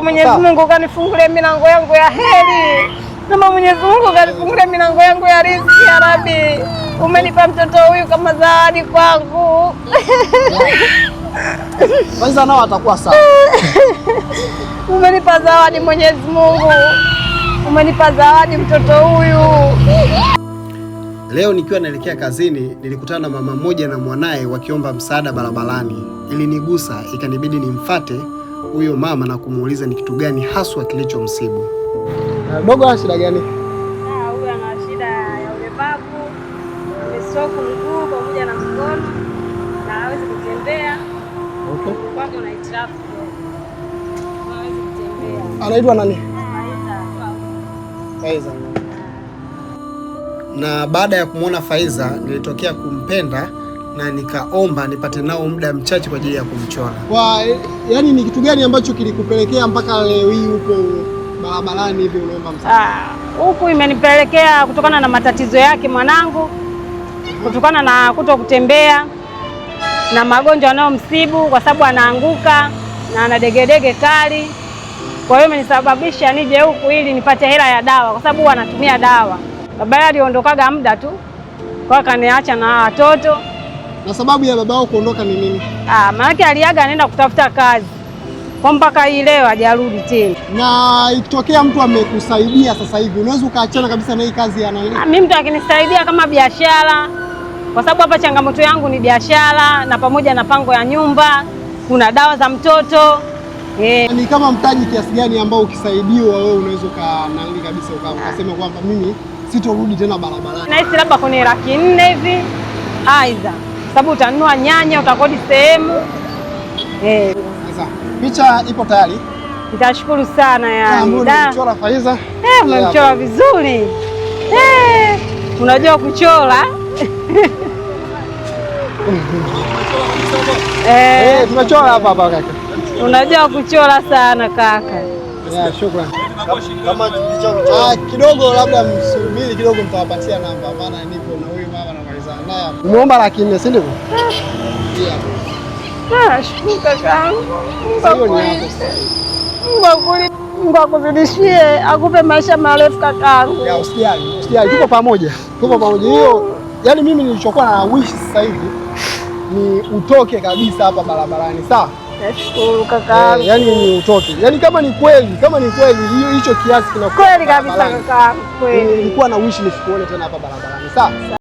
Mwenyezi Mungu kanifungulie milango yangu ya heri. Kama Mwenyezi Mungu kanifungulie milango yangu ya riziki ya Rabbi. Umenipa mtoto huyu kama zawadi kwangu. Kwanza nao atakuwa sawa. Umenipa zawadi Mwenyezi Mungu. Umenipa zawadi mtoto huyu. Leo nikiwa naelekea kazini nilikutana na mama mmoja na mwanaye wakiomba msaada barabarani. Ilinigusa ikanibidi nimfate huyo mama na kumuuliza ni kitu gani haswa kilichomsibu. Mdogo ah, ana shida gani? Ah, huyo ana shida ya ulemavu, amesoku mguu pamoja na mkono na hawezi kutembea. Okay. Kwake una hitilafu. Hawezi kutembea. Anaitwa nani? Ah, Faiza. Na baada ya kumwona Faiza nilitokea kumpenda na nikaomba nipate nao muda mchache kwa ajili ya kumchora. Kwa yani, ni kitu gani ambacho kilikupelekea mpaka leo hii upo barabarani hivi unaomba msaada? Huku ah, imenipelekea kutokana na matatizo yake mwanangu, kutokana na kuto kutembea na magonjwa msibu kwa sababu anaanguka na ana degedege kali. Kwa hiyo imenisababisha nije huku ili nipate hela ya dawa, kwa sababu anatumia dawa. Baba aliondokaga muda tu, kwa kaniacha na watoto na sababu ya babao kuondoka ni nini? Ah, maanake aliaga anaenda kutafuta kazi kwa mpaka hii leo hajarudi tena. Na ikitokea mtu amekusaidia sasa hivi unaweza ukaachana kabisa na hii kazi ya nani? Ah, mimi mtu akinisaidia kama biashara, kwa sababu hapa changamoto yangu ni biashara na pamoja na pango ya nyumba, kuna dawa za mtoto Yeah. Ni kama mtaji kiasi gani ambao ukisaidiwa wewe unaweza ukanali kabisa ukasema kwamba mimi sitorudi tena barabarani? Nahisi labda kwenye laki nne hivi aidha sababu utanunua nyanya, utakodi sehemu eh. Sasa picha ipo tayari, nitashukuru sana yani. Ah, Nimechora Faiza eh, umemchora vizuri eh, unajua kuchora eh. eh, tumechora hapa hapa kaka, unajua kuchora sana kaka. Yeah, shukrani kama kidogo, labda msubiri kidogo, mtawapatia namba, maana nipo na huyu mama namalizana naye. Umeomba laki nne, si ndivyo? Ah, ah, Mungu akuzidishie akupe maisha marefu kakangu. tuko pamoja, tuko pamoja. Hiyo yani mimi nilichokuwa na wish sasa hivi ni utoke kabisa hapa barabarani, sawa? Nashukuru kaka. Eh, yani ni utoke. yani kama ni kweli, kama ni kweli hiyo hicho kiasi kina Kweli kabisa kaka, kweli. Eh, nilikuwa na wish nisikuone tena hapa barabarani. Sawa.